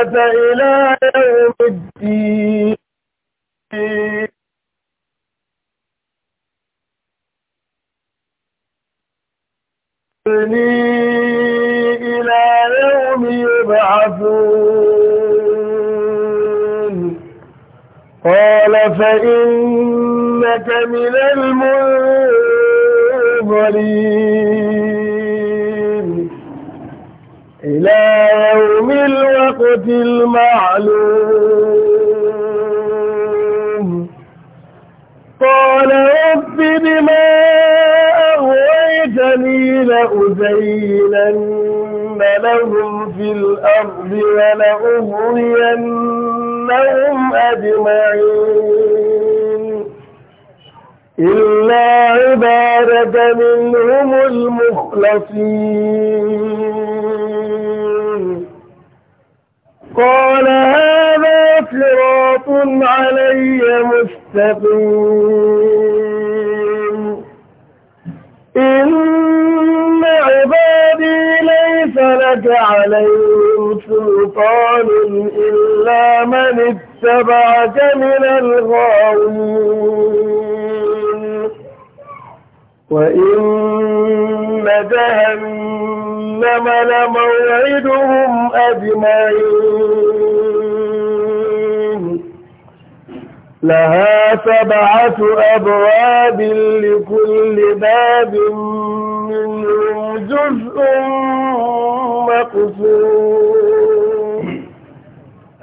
الصلاة إلى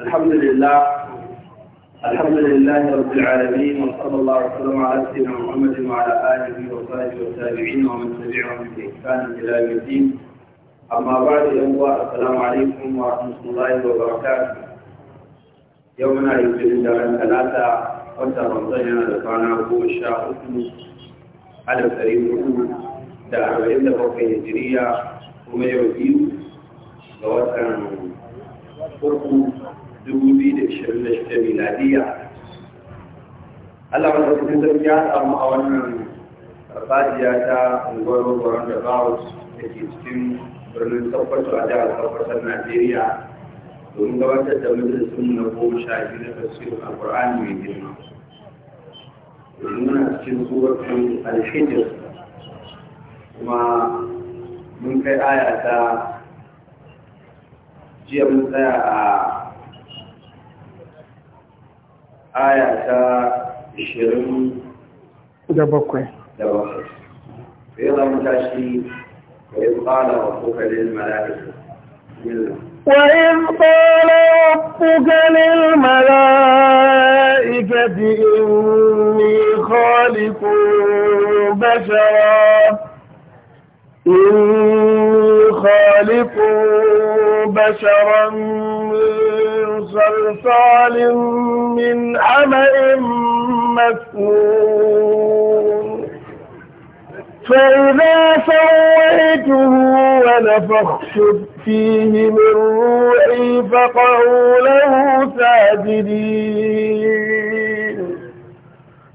الحمد لله الحمد لله رب العالمين وصلى الله وسلم على سيدنا محمد وعلى اله وصحبه والتابعين ومن تبعهم باحسان الى يوم الدين اما بعد السلام عليكم ورحمه الله وبركاته يومنا يوم ثلاثه وانت رمضان da kwana goma sha على alif ɗari hudu إلى فوق الهجرية bakwai يوم kuma yau 2026 miladiya Allah wata cikin sarki ya samu a wannan farfajiya ta unguwar gwaron da bawus da ke cikin birnin tabbatar a jihar tabbatar najeriya domin gabatar da majalisun na goma sha biyu na tafsirin alkur'ani mai girma muna cikin suratun alhijir kuma mun kai aya ta jiya mun tsaya a aya ta 20 da bakwai da bakwai sai za mu tashi وإذ قال ربك للملائكة وإذ قال ربك للملائكة إني خالق بشرا إني خالق بشرا كصلصال من حمأ مسنون فإذا سويته ونفخت فيه من روحي فقعوا له ساجدين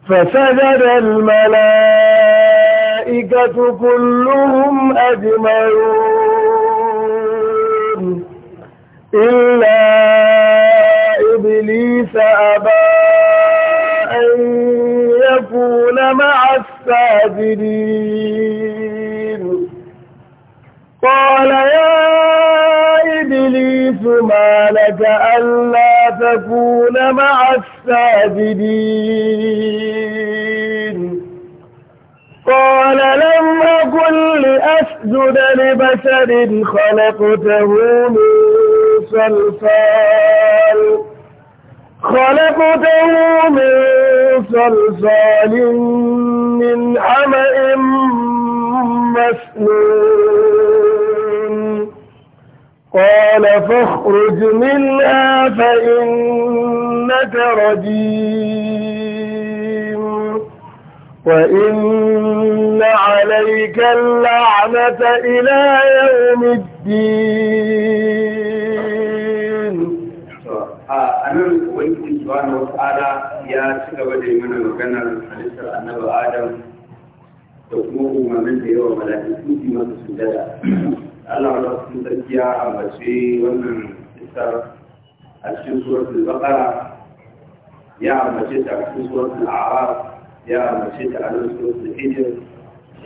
فسجد الملائكة كلهم أجمعون إلا إبليس أبى أن يكون مع الساجدين قال يا إبليس ما لك ألا تكون مع الساجدين قال لم أكن لأسجد لبشر خلقته من صلصال خلقته من صلصال من حمأ مسنون قال فاخرج منها فإنك رجيم وإن عليك اللعنة إلى يوم الدين a nan ubangiji subhanahu wata'ala ya ci gaba da yi mana maganar halittar annabi adam da kuma umarnin da yawa mala'iku bi masa sujada Allah wa sun sarki ya ambace wannan isar a cikin suratul baqara ya ambace ta a cikin suratul a'raf ya ambace ta a cikin suratul hijr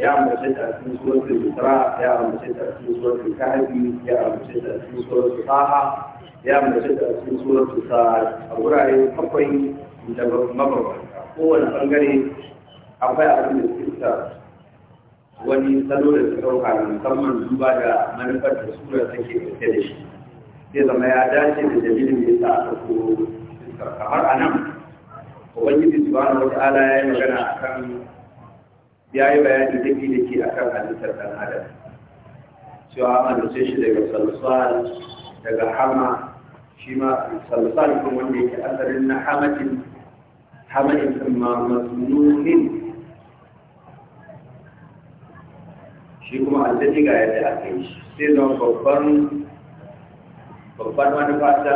ya ambace ta a cikin suratul isra ya ambace ta a cikin suratul kahfi ya ambace ta a cikin suratul taha ya mu ta a cikin surar tusa a wurare akwai da mabambanta kowane bangare akwai abin da suka wani salo da suka ɗauka musamman duba da manufar da surar take ɗauke da shi zai zama ya dace da dalilin da ya sa aka ko fuskar kamar a nan ubangiji subhanahu wata ala ya yi magana akan ya yi bayani da ke da ke kan halittar ɗan adam cewa an halitta shi daga salsal daga hama shi ma salsal kun wanda yake asalin na hamatin hamatin sun ma masnunin shi kuma aljani ga yadda aka yi shi sai zama babban babban manufa ta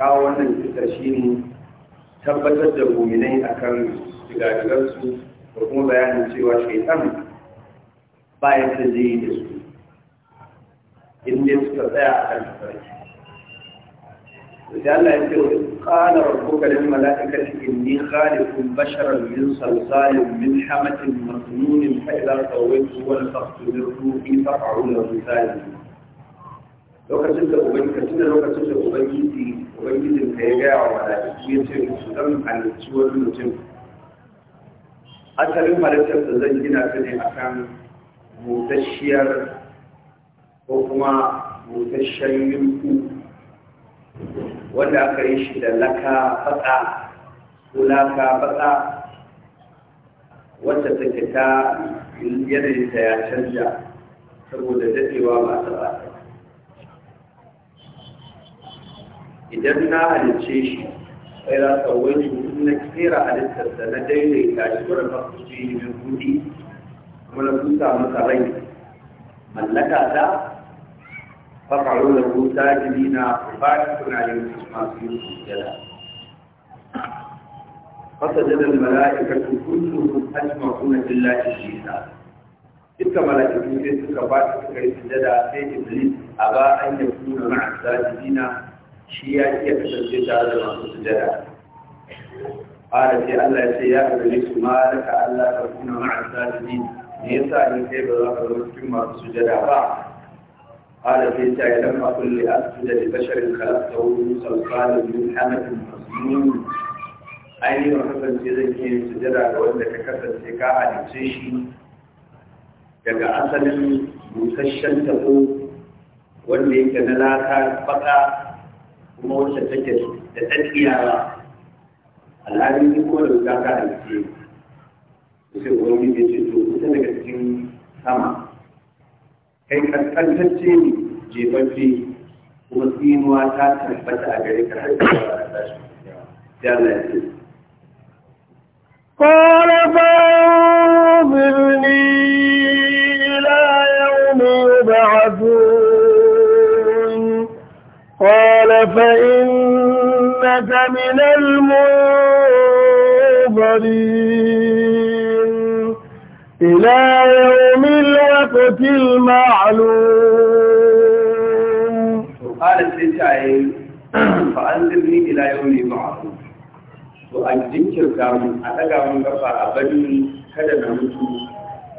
kawo wannan cutar shi ne tabbatar da muminai akan digadigarsu da kuma bayanin cewa shaitan bayan da zai yi da su inda suka tsaya a kan tafarki idan Allah ya ce qala rabbuka lil mala'ikati inni khaliqun basharan min salsalin min hamatin masnunin fa idza sawaytu wal faqtu min ruhi fa'u lahu sajid lokacin da ubangiji tunda lokacin da ubangiji ubangijin ka ya gaya wa mala'iku ya ce su zan halicci wani mutum asalin halittar da zan gina ta ne akan mutashiyar ko kuma mutashiyar yinku wanda aka yi shi da laka fata ko laka fata wacce take ta yanayin ta ya canja saboda dadewa ba ta ba idan na halice shi sai za ka wani na kera da na daidaita shi wurin yi mai kudi kuma na kusa masa rai mallaka ta فقالوا له ساجدين فاتت عليهم ما فسجد الملائكة كلهم أجمعون إلا إبليس تلك ملائكة تلك فاتت كي سجد في إبليس أبى أن يكون مع الساجدين شيئا يتسجد على ما سجد قال في الله يا إبليس ما لك ألا تكون مع الساجدين ليس أن كيف ذكر مسكين قال في سعي لم أقل لأسجد لبشر خلقته من صلصال من حمد مسنون ainihin rahoton ce zai ke sujada ga wanda ka kasance ka halice shi daga asalin busasshen tabo wanda yake na lata baka kuma wacce take da tsakiyawa alhali duk ko da sai ubangiji to ita daga cikin sama kai kaskantacce ne jefaffe kuma tsinuwa ta tabbata a gare ka har da tashi ya Allah ya ce قال فانظرني إلى يوم يبعثون قال فإنك من المنظرين إلى يوم الوقت المعلوم قالت لتعي فأنزلني إلى يوم المعروف وأن jinkirta mun a ɗaga mun gafa a kada na mutu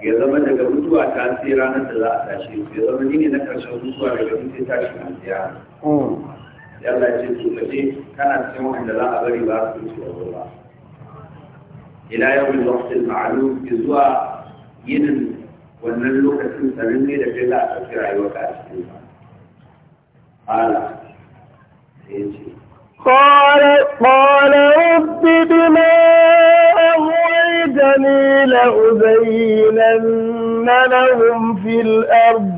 ya zama daga mutuwa ta sai ranar da za a tashi ya zama ni ne na ƙarshen mutuwa daga mutu tashi na siya yalla ce to kaje kana cikin wanda za a bari ba su mutu ba ila yau da waqtil ma'lum zuwa yinin wannan lokacin sanin ne da kai za a rayuwa a cikin ba. ce. قال قال رب بما أغويتني لأزينن لهم في الأرض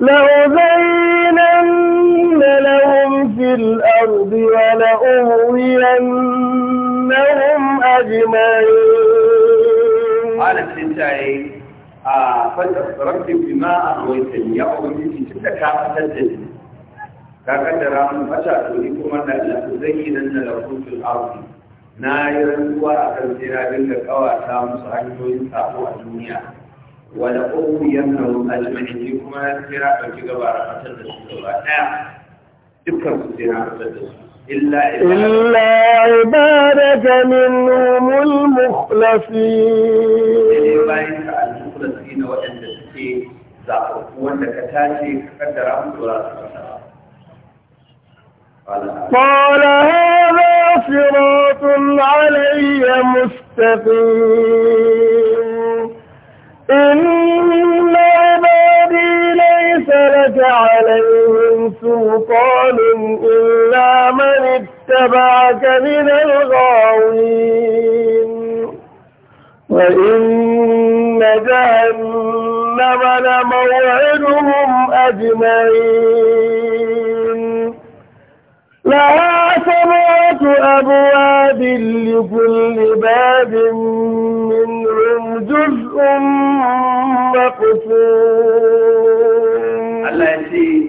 لأزينن لهم في الأرض ولأغوينهم أجمعين. قال السنتين a fadda rabbi bima awaita ya ubangiji cikin da ka fatar da ni ka kaddara mun fata to ni kuma na zai la zayyinan na lafutul ardi na yi rantsuwa a kan sai na dinga kawata musu hanyoyin tsaro a duniya Wani wala uwiyan na ajma'in ni kuma na a ɗauki gaba a fatar da su gaba ɗaya dukkan su sai na fatar da su إلا عبادك منهم المخلصين ne waɗanda suke zaɓaɓɓu wanda ka tace ka kaddara musu ba su قال هذا صراط علي مستقيم إن عبادي ليس لك عليهم سلطان إلا من اتبعك من الغاوين وإن جهنم لموعدهم أجمعين لها سبعة أبواب لكل باب منهم جزء مقسوم الله يزيد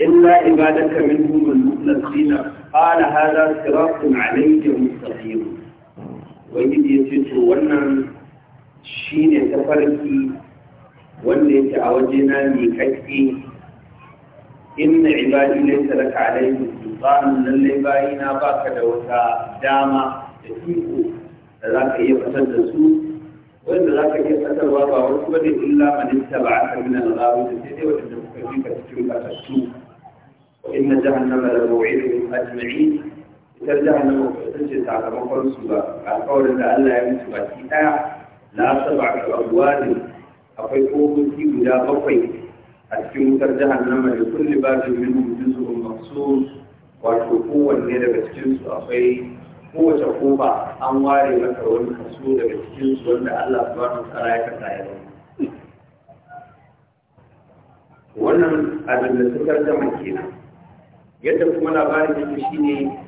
إلا عبادك منهم المخلصين قال هذا صراط عليهم ubangiji ya ce to wannan shi ne ta farki wanda yake a waje na mai kakki inna ibadi laysa laka alayhi sultan lalle bayina baka da wata dama da iko da za ka iya fitar da su wanda za ka iya fitarwa ba wasu bane illa man ittaba'aka min al-ghawi da sai dai wanda suka bi ka cikin kasassu wa inna jahannama la maw'iduhum ajma'in ita jahannama ita ce sakamakon su ba alƙawarin da Allah ya mutu baki ɗaya la sab'atu abwabin akwai kofofi guda bakwai a cikin wutar jahannama da kulli babin min juz'un maqsus wato kowanne daga cikin su akwai kowace kofa an ware maka wani kaso daga cikin su wanda Allah subhanahu wa ta'ala ya kasa ya wannan abin da suka zama kenan yadda kuma labarin yake shine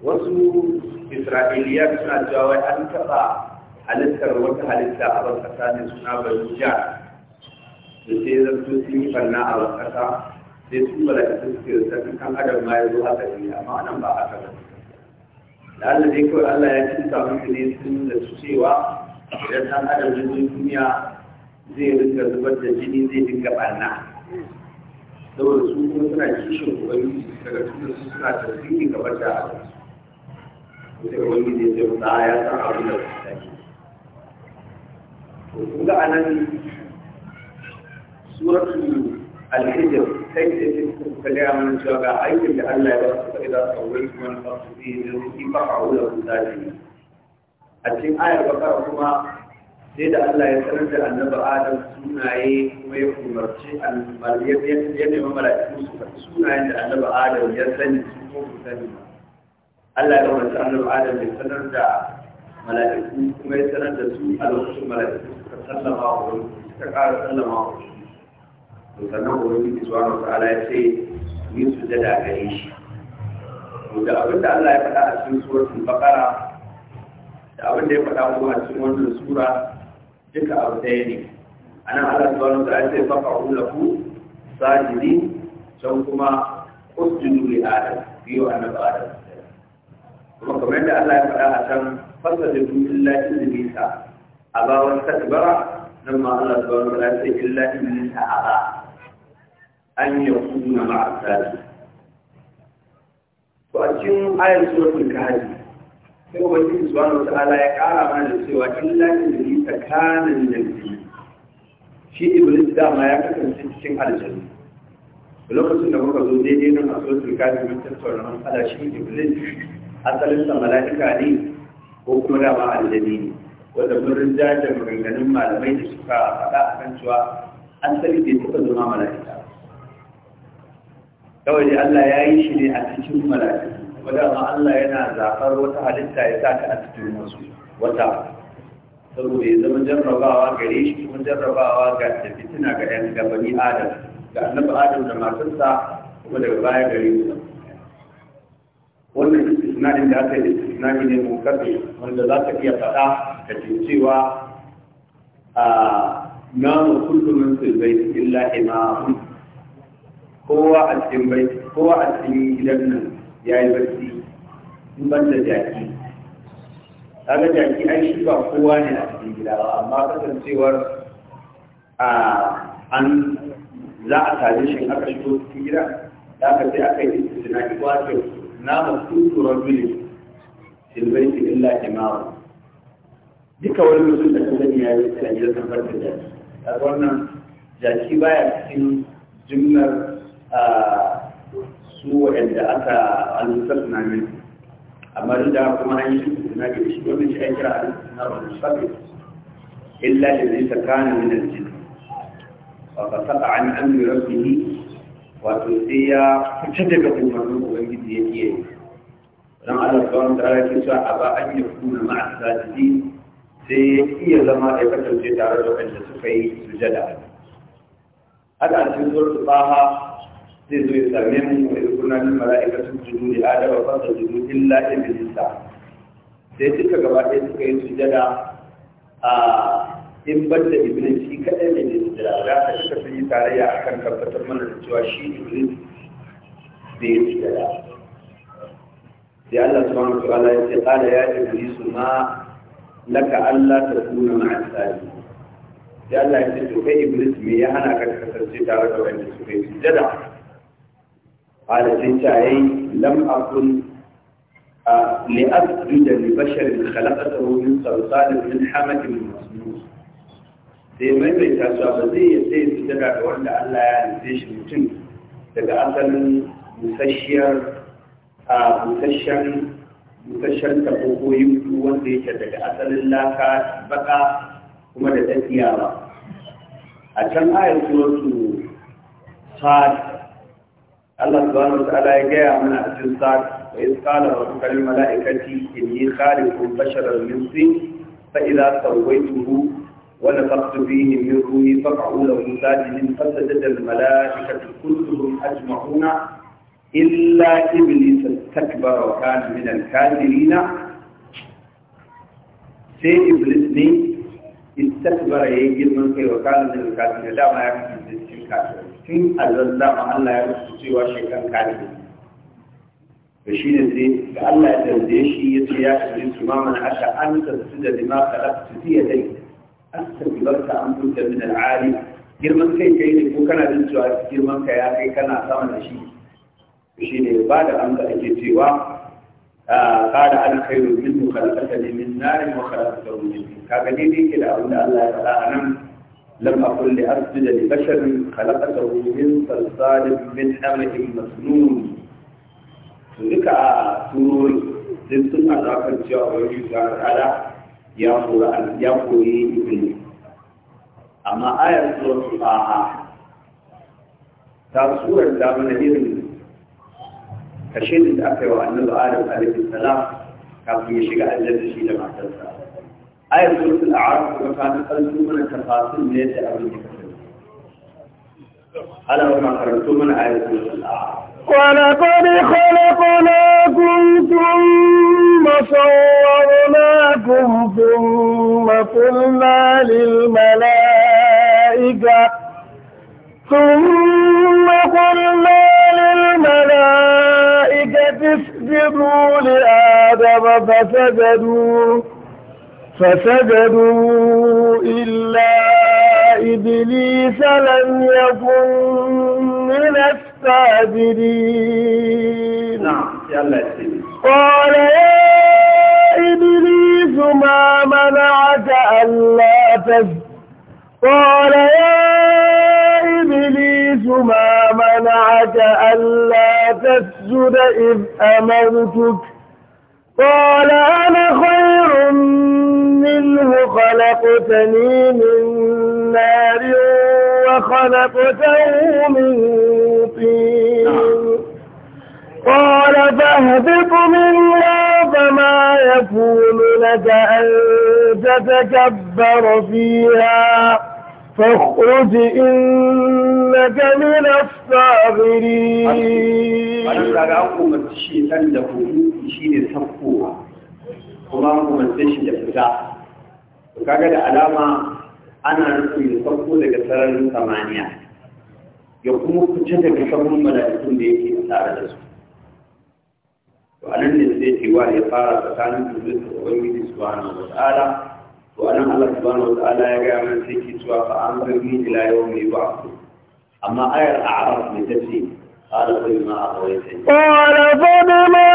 wasu isra'iliya suna cewa an taɓa halittar wata halitta a ban kasa ne suna bari jiya. da sai zartu sun yi banna a ban kasa sai sun malaka sun suke da sarkin kan adam ma ya zo haka ne amma anan ba haka ba da Allah dai kawai Allah ya cinta musu ne sun da su cewa idan ɗan adam ya zo duniya zai rinka zubar da jini zai dinga ɓarna saboda su kuma suna kishin ubangiji daga tunan su suna tasiri gaba da a sai ubangiji ya ce ta ya san abin da ta yi to kun ga anan suratul al-hijr sai da take kallon mun cewa ga aikin da Allah ya ba su kai da sauran kuma fasu bi da shi ba a wula ku zalimi a cikin ayar bakara kuma sai da Allah ya sanar da annabi Adam sunaye kuma ya umarci annabi ya ya ne mala'iku su sunayen da annabi Adam ya sani su ko sani ba Allah ya umarci annabi Adam ya sanar da mala'iku kuma ya sanar da su a lokacin mala'iku suka sallama wa wurin suka ƙara sallama wa wurin to sannan ubangiji zuwa wa ta'ala ya ce yi da gare shi to da abin da Allah ya faɗa a cikin suratul baqara da abin da ya faɗa kuma a cikin wannan sura duka abu ɗaya ne nan Allah subhanahu wa ta'ala ya ce faqa'u lahu sajidin can kuma usjudu li adam biyo annabi adam kuma kamar yadda Allah ya faɗa a can fasa da illa iblisa a bawan takbara nan ma Allah subhanahu wa ta'ala sai illa iblisa a ba an yakuna ma'a sadi to a cikin ayar suratul kahfi sai ubangiji subhanahu wa ta'ala ya kara mana da cewa illa iblisa kana nabi shi iblis dama ya kasance cikin aljanna lokacin da muka zo daidai nan a suratul kahfi mun tattauna matsala shi iblis asalin sa mala'ika ne ko kuma dama aljani ne wanda mun rinja da maganganun malamai da suka faɗa a kan cewa sani bai suka zama mala'ika kawai dai Allah ya yi shi ne a cikin mala'ika kuma dama Allah yana zafar wata halitta ya sa ta a cikin wasu wata saboda ya zama jarrabawa gare shi kuma jarrabawa ga da fitina ga ɗan gabani adam ga annabi adam da matarsa kuma daga baya gare su wannan na da aka yi na ne mu kafi wanda za ka iya faɗa ka ce cewa a namu kullu min sulbai illa imamu kowa a cikin bai kowa a cikin gidan nan ya yi barci in ban da jaki kaga jaki ai shi ba kowa ne a cikin gida ba amma kasancewar a an za a tare shi aka shigo cikin gida da aka sai aka yi istinaki wato نام سوت رجل في البيت إلا إمارة duka wani mutum da kuma ya yi a gidan tabbar da jaki a wannan jaki baya cikin jimlar su waɗanda aka alusar na min amma duk da kuma an yi shi na ga shi wannan shi an kira alusar na wani sabi illa da zai tsakanin min aljin fa fasaka an amri rabbihi wato sai ya fice daga umarnin ubangiji ya iya yi don Allah ta wani tsara ke sa a ba an yi kuna ma'a sajidi sai ya iya zama ya kasance tare da wanda suka yi sujada haka a cikin zuwa su baha zai zo ya same mu da kuna nan mala'ika sun judu da adama ba su judu illa ibilisa sai duka gaba ɗaya suka yi sujada a in ban da iblis shi kadai ne ne da za ka duka sun yi tarayya a kan tabbatar mana da cewa shi iblis da ya ci gada sai Allah subhanahu wa ta'ala ya ce qala ya iblis ma laka alla takuna ma'a sali sai Allah ya ce to kai iblis me ya hana ka kasance tare da wanda suka yi sujada qala sai ta yi lam akun لأسجد لبشر خلقته من صلصال من حمك من مصر sai maimaita su ba zai iya sai su daga da wanda Allah ya halitta shi mutum daga asalin musashiyar a musashen musashen tabo ko yutu wanda yake daga asalin laka baka kuma da tafiya ba a can ayar suratu sad Allah subhanahu wa ta'ala ya gaya mana a cikin sad wa iz qala rabbuka lil mala'ikati inni khaliqun basharan min tin fa idza sawaytuhu ونفخت فيهم من روحي فقعوا له ساجدين فسجد الملائكة كلهم أجمعون إلا إبليس استكبر وكان من الكافرين سي إبليس استكبر يجب من خير وكان من الكافرين لا ما يكفي في الكافرين sun azalla ma Allah ya rusu cewa shekan kalibi da shi ne sai da Allah ya tarje shi ya ce ya kalli su ma mana an tafibarta an fuka min al'ali girman kai kai ne ko kana jin cewa girman ka ya kai kana sama da shi shi ne ba da an da ake cewa ka da an kai ne min mukallaka ne min nari mukallaka ne min kaga ne ne ke da abin da Allah ya faɗa a nan lam aqul li asjuda li basharin khalaqata min salsalin min hamlin masnun to duka turori din sun alaƙar cewa wani zuwa ta'ala ya kura ya koyi iblis amma ayar suratul faha ta surar da mana irin kashin da aka yi wa annabi adam alaihi salam kafin ya shiga aljanna shi da matarsa ayar suratul a'raf kuma ta karanto mana tafasil ne da abin da kasance ala ma karanto mana ayar suratul a'raf ولقد خلق خلقناكم ثم صورناكم ثم قلنا للملائكة ثم قلنا للملائكة اسجدوا لآدم فسجدوا فسجدوا إلا إبليس لم يكن من الساجدين قال يا إبليس ما منعك ألا تسجد قال يا إبليس ما منعك ألا تسجد إذ أمرتك قال أنا خير منه خلقتني من نار وخلقته من طين نعم. قال فاهبط منها فما يكون لك أن تتكبر فيها فاخرج إنك من الصاغرين ولما رأوا الشيطان له شيء سفوها kuma hukumance shi da fita to kaga da alama ana nufin ya farko daga sararin samaniya ya kuma fita daga sabon mala'ikun da yake tare da su to a nan ne zai ce wa ya fara tsakanin domin da ubangiji su bana wa ta'ala to allah su bana wa ya gaya mana sai ke cewa fa an zargi ila yau mai ba amma ayar a arab ne ta ce قال فبما أغويتني قال فبما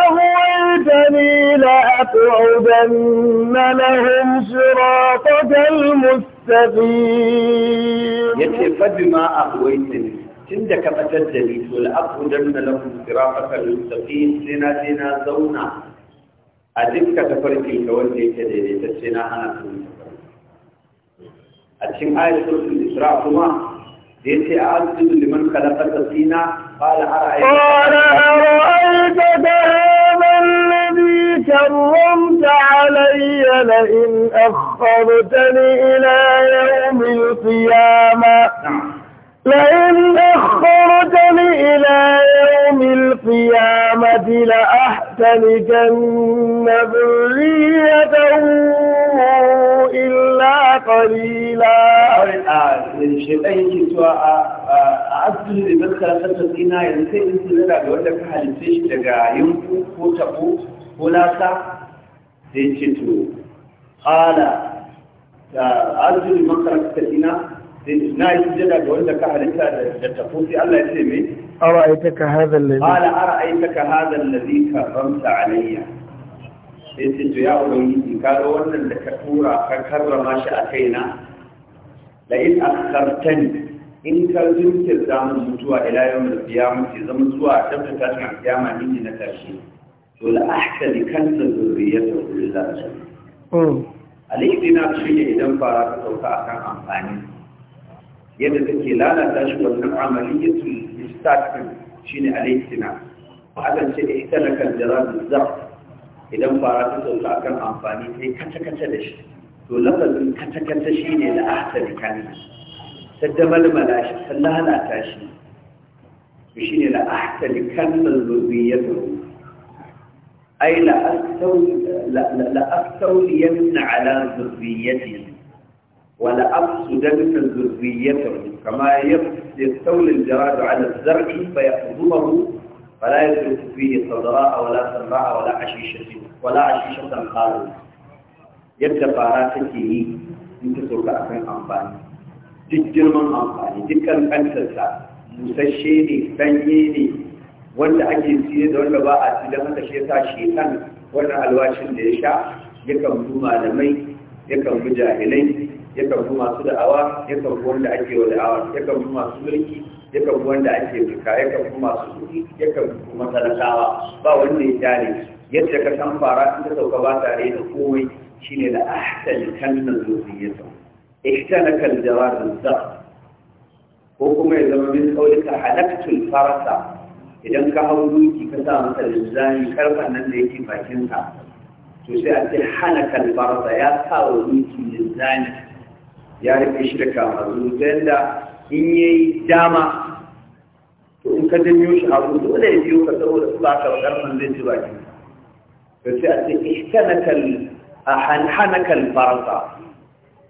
أغويتني لأقعدن لهم صراطك المستقيم يتفد ما أغويتني tun da ka fitar da ni to la'afu dan na lafu sirafaka mustaqim sai na je na zauna a dukka tafarkin ka wanda yake daidaitacce na hana su a cikin ayatul isra kuma da yace a azubu liman khalaqa tasina qala ara'ayta كرمت علي لئن أخرتني إلى يوم القيامة لئن رب لأحتلكن ذريته إلا قليلا shekai yake cewa a asibiti da gaskara kasar tsina sai in tsira da wanda ka halitta shi daga yanku ko tabo ko lasa da ya ƙala da asibiti makarar kasar tsina na yi jada da wanda ka halitta da allah ya ce mai أرأيتك هذا الذي قال أرأيتك هذا الذي كرمت علي إنت إيه يا أبيتي قالوا أن لك كورا فكرم شأتينا لئن أخرتني إن كنت الزام المتوى إلى يوم القيامة زم سوى تبقى تاتي عن قيامة مني نتاشي ولا أحسن كنت ذرية إلا أجل عليه دينا بشيء إذن فارك توقع كان أمباني يدك لا نتاشي وأن عملية استاكل شين عليه سنا هذا شيء احتلك الجراد الزرق إذا مفارات تلقى كان أنفاني هي كتا كتا لش تولف من كتا كتا شين إلى أحسن كان سدم الملاش فلها لا تاشي مشين إلى أحسن كان من ذوبية أي لا أفتو لا أفتو على ذوبيتي ولا أفسد من ذوبيتهم كما يستولي الجراد على الزرع فيأخذه فلا يترك فيه صدراء ولا سراء ولا عشيشة ولا عشيشة خالد yadda fara take yi in ta sauka a amfani duk girman amfani dukkan kantarsa musasshe ne sanye ne wanda ake siye da wanda ba a ci da mata shi ta wannan alwashin da ya sha yakan bi malamai yakan bi jahilai ya karbi masu da'awa ya karbi wanda ake wa da'awa ya karbi masu mulki ya karbi wanda ake duka ya karbi masu kuɗi ya karbi kuma talakawa ba wanda ya tare yadda ka san fara in ka sauka ba tare da komai shine da ahsan kannan zuriyata ihtana kal jawar da ko kuma ya zama min kaulika halaktul farasa idan ka hau duki ka sa masa linzami karfan nan da yake bakin sa to sai a ce halakal farasa ya sa wa duki linzami ya rufe shi da kamazu ta yadda in ya yi dama to in ka janyo shi hagu dole ya biyo ka saboda su ba ka ba karfin zai ji baki to sai a ce ihtanakal ahanhanakal farasa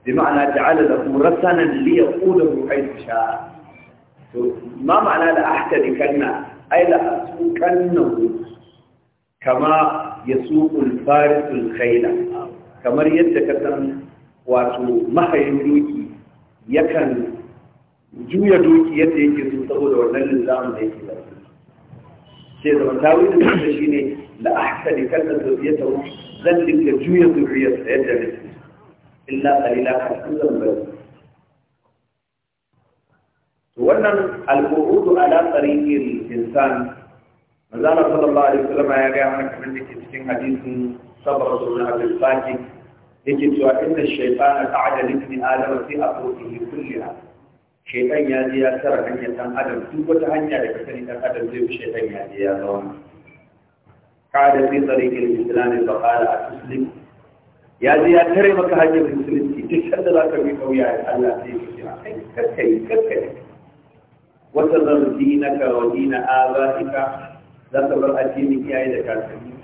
bi ma'ana ja'ala lahu rasanan li yaqudahu haythu sha'a to ma ma'ana da ahtanikanna ay la asuqannahu kama yasuqul farisul khayla kamar yadda ka san wato mahayin doki yakan juya doki yadda yake so saboda wannan linzamin da yake zafi sai zama tawilin da shi ne la ahsani kallon zuriyata zan dinga juya zuriyarsa yadda nake illa qalila kan zan bari wannan al'urudu ala tsariƙin insan manzana sallallahu alaihi wasallam ya gaya mana kamar da ke cikin hadisin sabar rasulun abdul fakir yake cewa inda shaytan ta'ala libni adam fi afruhi kullaha shaytan ya ji ya tsara hanyar dan adam duk wata hanya da kasani dan adam zai bi shaytan ya ji ya zauna kada fi tariqil islam fa qala aslim ya ji ya tare maka hanyar musulunci duk sanda zaka bi kauya Allah sai ya ce kakkai kakkai wata zardinaka wa dina abaika zaka bar addinin iyaye da kakanni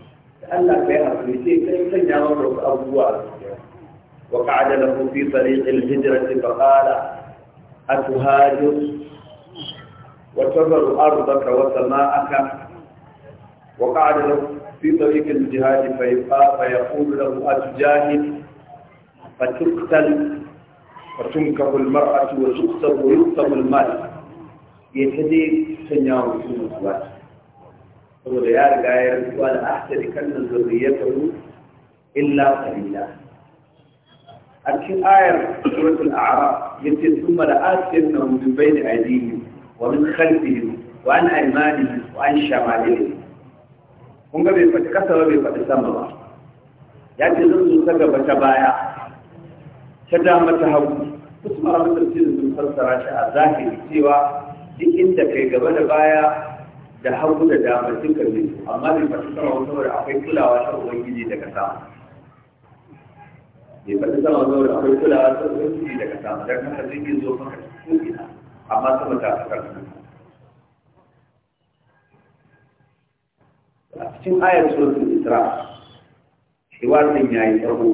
Allah kai hakuri sai kai sanya maka abubuwa وقعد له في طريق الهجرة فقال أتهاجر وتذر أرضك وسماءك وقعد له في طريق الجهاد فيقول له أتجاهد فتقتل وتنكب المرأة وتكسب ويكسب المال يهدي سنياه في الصلاة saboda ya riga ya rantsuwa da ahsani a cikin ayar suratul a'raf yace thumma la'atiyannahum min bayni aydihim wa min khalfihim wa an aymanihim wa an shamalihim kun ga bai faɗi kasa ba bai faɗi sama ba ya ce zan zo ta gaba ta baya ta dama ta hagu duk malamin tafsirin sun fassara shi a zahiri cewa duk inda kai gaba da baya da hagu da dama duka biyu amma bai faɗi sama ba saboda akwai kulawa ta ubangiji daga sama bai kalli sama zaune akwai kulawa ta zuci daga sama don haka zai zo maka ko'ina amma sama ta fi karfin a cikin ayar suratul isra shiwar din yayi tsawo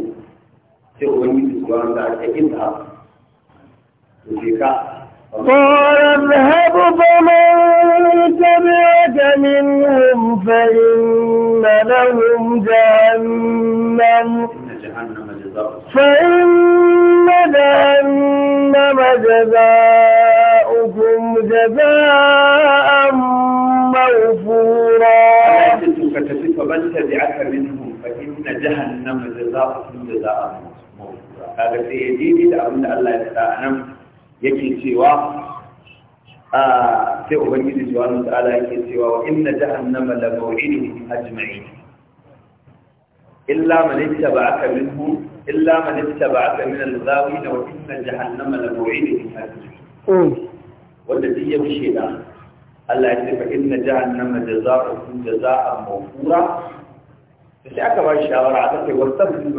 sai ubangiji subhanahu wa ta'ala ya inta to ka قال اذهب فمن تبعك منهم فإن لهم جهنم فإن جهنم جزاؤكم جزاء موفورا فبل تبعث منهم فإن جهنم جزاؤكم جزاء موفورا هذا سيدي لأمن الله تعالى أنم يكي سواه آه سيء بني سواه وإن جهنم لموعدهم أجمعين إلا من اتبعك منهم إلا من اتبعك من الغاوين وإن جهنم لموعيد لموعد والذي يمشي لا ألا يتبع إن جهنم جزاء جزاء موفورا واستفزز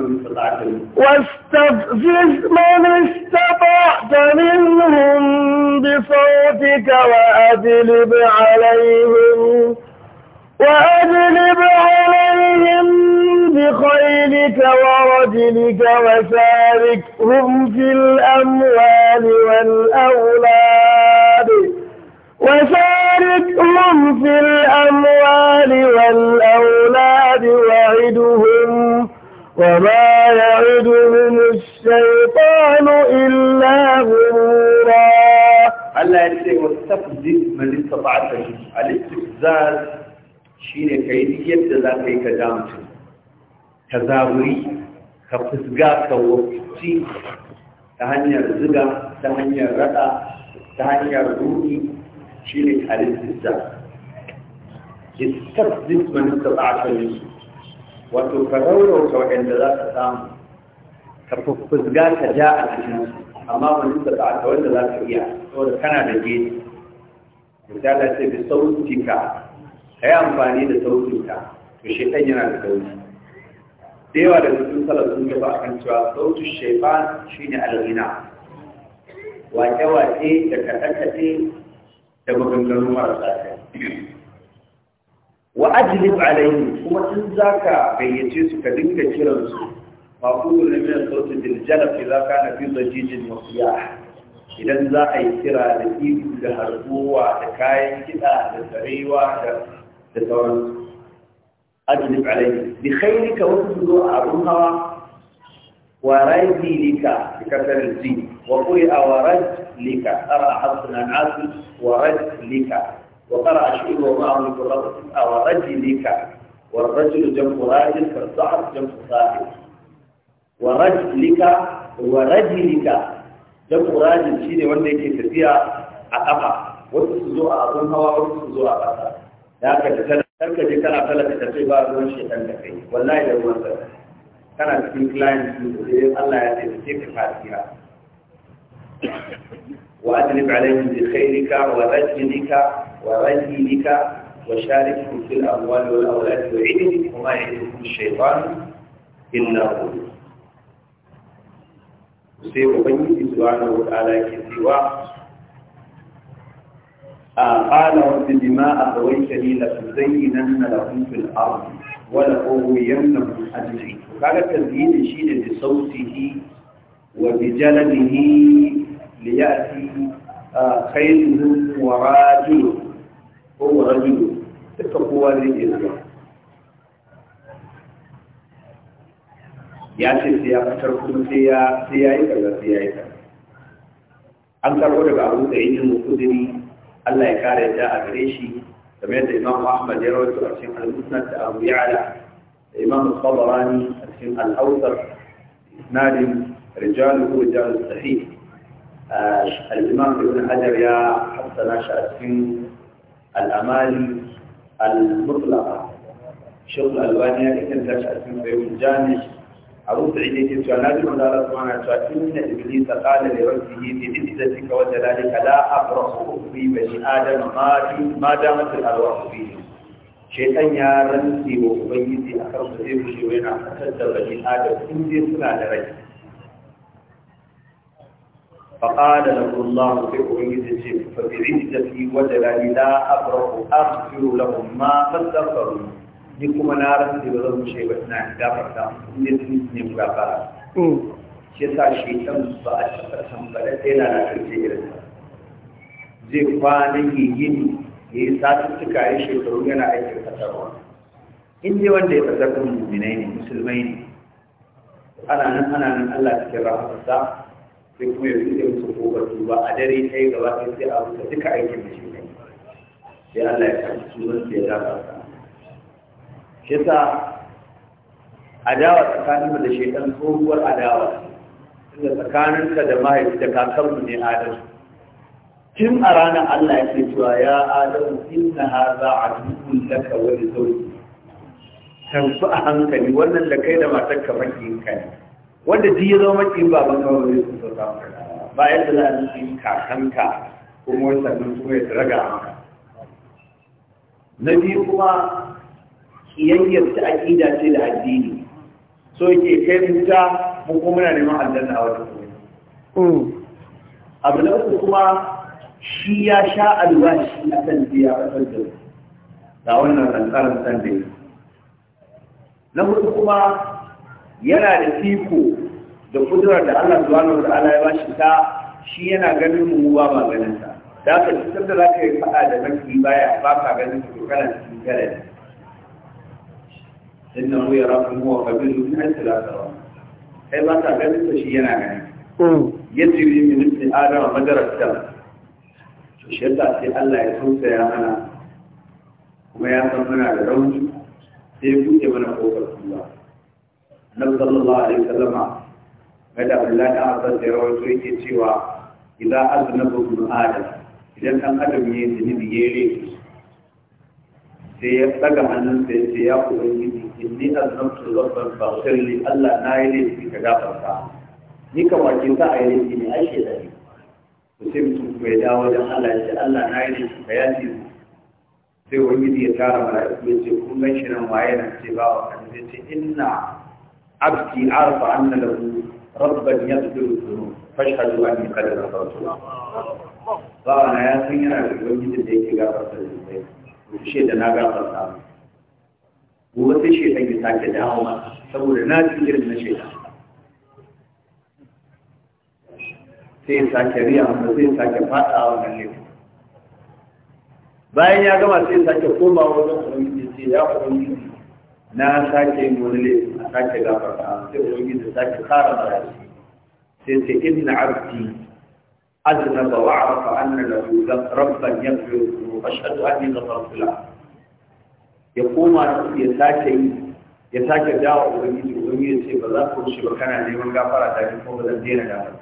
من استطعت منهم بصوتك واجلب عليهم واجلب عليهم بخيلك ورجلك وشاركهم في الأموال والأولاد وشاركهم في الأموال والأولاد وعدهم وما يعدهم الشيطان إلا غرورا الله يقول واستفزد من استطعت الاستفزاز الاستفزاز كيدي كيدية ذاكي كلام ka zaburi ka fusga ka wakilci ta hanyar ziga ta hanyar rada ta hanyar ruhi shi ne halittar istafzis man istata'ta min wato ka raurauta waɗanda za ka samu ka fusga ka ja a cikin amma ta istata'ta wanda za ka iya saboda kana da gefe misali sai bi sautinka ka yi amfani da sautinka to shekan yana da sauti Dewa da mutum daga sun salaf a kan cewa sautu shaifan shine al-ghina waƙe-waƙe da kaɗe-kaɗe da maganganu marasa kai wa ajlib alaihim kuma in zaka gayyace su ka dinga kiran su maqulun min sauti dil jalab idza kana fi dajijin mafiya idan za a yi kira da ihu da harbuwa da kayan kiɗa da tsarewa da da sauransu أجلب عليك بخيرك وتفضل أعظمها لك بكسر الزين وقرئ ورجلك قرأ حسن عاصم لك وقرأ شعيب ومعه القراءة لك والرجل جنب راجل فالصعب جنب صاحب ورد لك جنب راجل شيني وانده كي تفيا أقفى وتسزوء أظن هوا وتسزوء ذاك kar ce kana talaka ka ce ba ruwan shekan da kai wallahi da ruwan sa kana cikin client ne sai Allah ya taimake ka fasiya wa adlib alaihim bi khairika wa rajlika wa rajlika wa sharikhu fil amwal wal awlad wa idhi kuma ya'idukum shaytan innahu sai ubangiji subhanahu wa ta'ala ke cewa آه، قال رب بما أغويتني لتزينن لهم في الأرض ولأغوينهم أجمعين وقال التزيين شيء بصوته وبجلده ليأتي آه، خيره ورجله هو رجل اتقوا للإذن يا ce يا سيدي يا kuma يا ya يا kaza sai ya yi kaza an Allah ya kare ta a gare shi kamar yadda Imam Ahmad ya rawaito a cikin Al-Musnad da Abu Ya'la da Imam Al-Tabarani a cikin Al-Awsat isnadin rijaluhu rijalus sahih الإمام ابن حجر يا حسن شأسين الأمال المطلقة شغل ألبانيا كتن شأسين في الجانش أبو سعيد يقول نبي الله سبحانه وتعالى إن إبليس قال لربه في عزتك وجلالك لا أبرح أخبي بني آدم ما في دامت الأرواح فيه شيئا يا رمزي وأبيتي أكرم إبليس شيئا أتد بني آدم إن دي سنة لرجل فقال له الله في أبيتي ففي عزتي وجلالي لا أبرح أغفر لهم ما قد ni kuma na rasu da zan mushe ba ina gafarta ne su ne fara. shi sa shi kan ba a cikin tambaya sai na na kace irin zai kwana yini ya yi satuttuka ya shekaru yana aikin kasarwa in dai wanda ya kasar da muminai ne musulmai ne ana nan ana nan Allah cikin rahamarsa sai kuma ya rike musu kogar ba, a dare ta yi gaba sai a rusa duka aikin da shi ne sai Allah ya karɓi tuban sai ya dafa Kisa, adawa tsakaninmu da shekar tsohuwar adawa inda tsakaninka da mahaifi da kakanmu ne adam tun a ranar Allah ya ce cewa ya adam inna haza a dukkan laka wani sauki tamfi a hankali wannan da kai da matar ka maki kai wanda ji ya zama ba baban ka wani sun sauka Ba ya da za a cikin kakanka kuma sannan kuma ya raga maka na biyu kuma yankin ta aƙida ce da addini so yake kai fita mu kuma muna neman aljanna a wata kuma mm. abu na uku kuma shi ya sha albashi a kan biya a kan da wannan rantsarar sanda da na hudu kuma yana da fiko da kudurar da Allah subhanahu wa ta'ala ya bashi ta shi yana ganin mu ba ba ganin ta da ka cutar da zaka yi fada da maki baya ba ka ganin su kana cikin galan إنه يراكم هو قبيله من حيث لا ترون kai ba ta ganin shi yana gani yadda yi min ibn adam madarar ta to shi yadda Allah ya tausa hana kuma ya san muna da rauni sai buɗe mana kofar kuma annabi sallallahu alaihi wasallam ga da Allah ta azza da rawaito yake cewa idan aznaba idan dan adam ya yi zunubi ya sai ya ya inni azamtu rabban faghfir li Allah na yi laifi ka gafarta ni kan wakin sa a yi laifi ne ai shi da ni to sai mutum ya dawo wajen Allah ya ce Allah na yi laifi ka yafi sai wani ya tara mala'iku ya ce kun gan shi nan waye nan ce ba wa kan sai ce inna abdi arfa anna lahu rabban yaghfiru dhunub fashhadu anni qad ghafartu ba na ya san yana da wani da yake gafarta da shi sai shi da na gafarta gobe sai shaitan ya sake dawo ma saboda na ci irin na shaitan sai ya sake riya masa sai ya sake fada a wannan laifin bayan ya gama sai ya sake koma wajen ubangiji sai ya ubangiji na sake yin wani laifin a sake gafarta sai ubangiji sake kara mara sai sai inna abdi أذنب وعرف أن له ربا يغفر الذنوب أشهد أني غفرت له ya koma ya sake yi ya sake dawa ubangiji ubangiji ya ce ba za ku rushe ba kana neman gafara ta ni ko ba zan daina gafara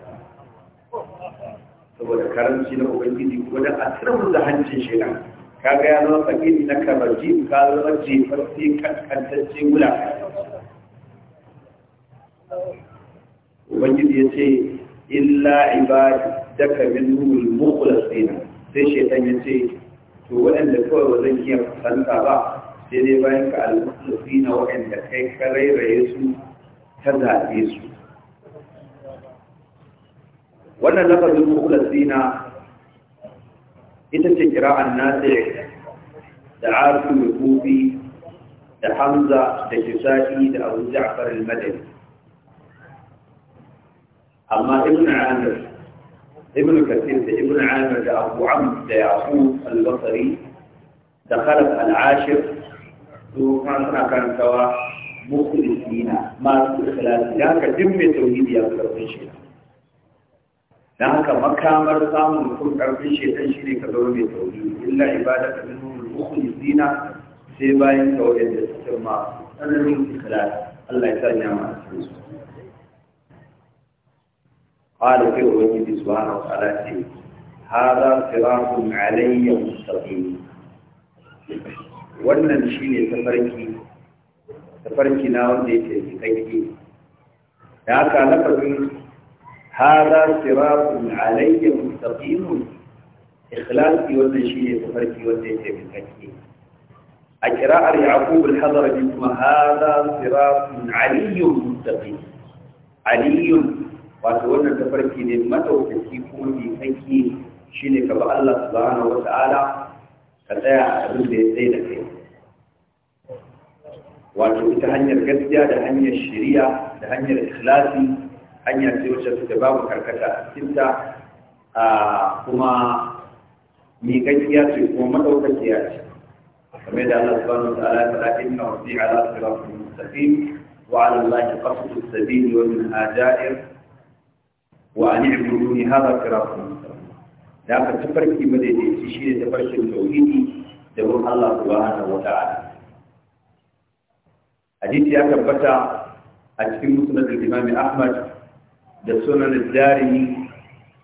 saboda karanci na ubangiji ko da a tsirin da hancin shi nan ga ya zama fakiri na kabarji ka zama jefarsi kankantacce wula ubangiji ya ce illa ibadaka minhumul mukhlasina sai shaitan ya ce to waɗanda kawai ba zan iya kusanta ba dede bayan ka almukhlifi na waɗanda kai ka rairaye su ta zaɓe su wannan lafazin mukhlisi na ita ce kira'an nasir da arsu kufi da hamza da kisa'i da abu ja'far al madin amma ibn amir ibn kasir da ibn amir da abu amr da yaqub al-basri basari da al-ashir su kuma suna karantawa mukhlisina masu ikhlasi da haka duk mai tauhidi ya karfin shi dan haka makamar samun mutum karfin shekan shi ne ka zama mai tauhidi illa ibadaka minhum mukhlisina sai bayan tauhid da suka ma tsananin ikhlas Allah ya sanya mu a cikin su قال في الوجه سبحانه وتعالى هذا صراط علي مستقيم wannan shi ne tafarki tafarki na wanda ya taimakakke da haka lafazin hada siratun alayya mustaqimun ikhlasi wannan shi ne tafarki wanda ya taimakakke a kira'ar yaqub al-hadrami kuma hada siratun aliyyun mustaqim aliyyun wato wannan tafarki ne madaukaki kuma bi kake shine kaba Allah subhanahu wa ta'ala ka tsaya a abin da ya tsaye da kai wato ita hanyar gaskiya da hanyar shiriya da hanyar ikhlasi hanyar ce wacce da babu karkata a cikinta a kuma mi gaskiya ce kuma madaukakiya ce kamar da Allah subhanahu wa ta'ala ya faɗa inna wasi ala siratul mustaqim wa ala Allah qasdus sabil wa min hajair wa an ibuduni hadha siratul da aka ci tafarki madaidaici shi ne tafarkin tauhidi da wurin Allah subhanahu wata ala. hadisi ya tabbata a cikin musnad al-Imam Ahmad da sunan al-Darimi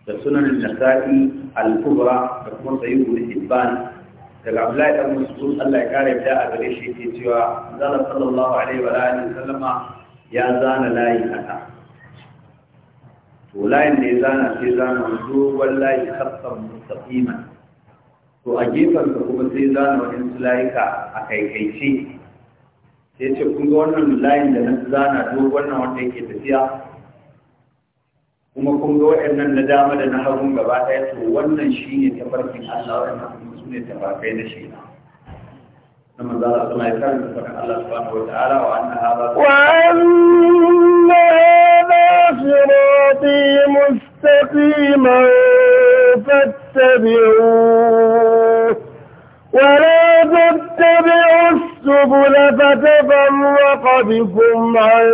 da sunan al-Nasa'i al-Kubra da kuma Sahih Ibn hibban daga Abdullahi ibn Mas'ud Allah ya kare da a gare shi ke cewa Allah sallallahu alaihi wa alihi sallama ya zana layi haka to layin da ya zana sai zana dogon layi harfar mustaqiman to a gefen ka kuma sai zana waɗansu layuka a kaikaice sai ce kun ga wannan layin da na zana dogon na wanda yake tafiya kuma kun ga waɗannan na dama da na hagun gaba ɗaya to wannan shi ne tafarkin Allah waɗannan kuma su ne tafarkai na shi na na manzala sama ya karanta faɗin Allah subhanahu wa ta'ala wa anna hadha wa صراطي مستقيما فاتبعوه ولا تتبعوا السبل فتفرق بكم عن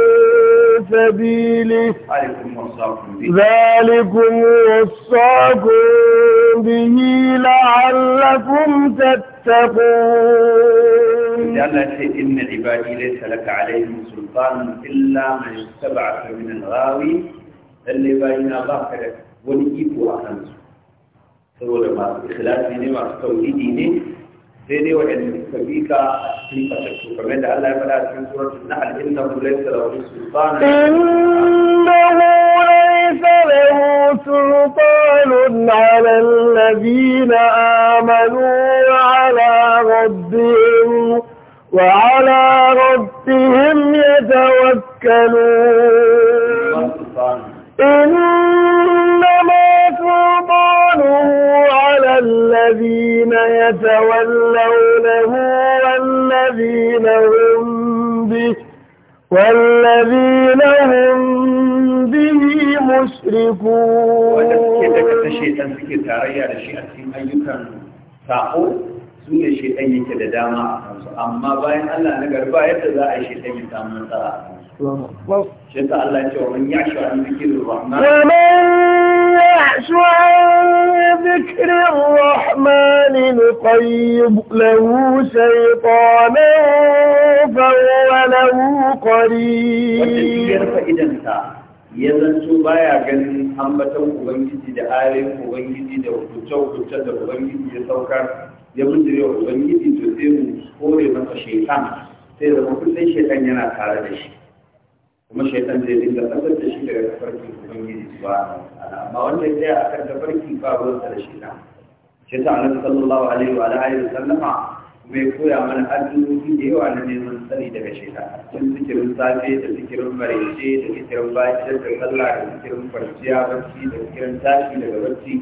سبيله ذلكم وصاكم به لعلكم تتقون قالت إن عبادي ليس لك عليهم سلطان إلا من اتبعك من الغاوي اللي بينا ظاهرة ونجيب وأخنس سوى لما إخلاص ديني ما استولي ديني ديني وعلم السبيكة أسليفة تكتوك فمين الله يبلا أسلم سورة النحل إنه له سلطان إنه ليس له سلطان على الذين آمنوا وعلى ربهم وعلى ربهم يتوكلون إنما سلطانه على الذين يتولونه والذين هم به والذين هم به مشركون وجدت كده كتشيطا في كتاريا لشيئة في ميكا ساقو سوية شيئين كده داما amma bayan Allah na garba yadda za a yi shi sai samu nasara shi ta Allah ce wa man ya shi an zikirin rahman ذكر الرحمن نقيب له شيطانا فهو له قريب ya zanto baya ganin ambatan ubangiji da ayoyin ubangiji da hukuce-hukuce da ubangiji ya saukar ya bindire wa ubangiji to sai mu kore masa shaitan sai zama kullum shaitan yana tare da shi kuma shaitan zai dinga tsabar da shi daga tafarkin ubangiji subhanahu zuwa. ta'ala amma wanda ya a kan tafarki ba ruwansa da shaitan shaitan annabi sallallahu alaihi wa alihi wa sallama mai koya mana addu'o'i da yawa na neman tsari daga shaitan tun zikirin safe da zikirin maraice da zikirin baki da sallah da zikirin kwanciya barci, da zikirin tashi daga barci.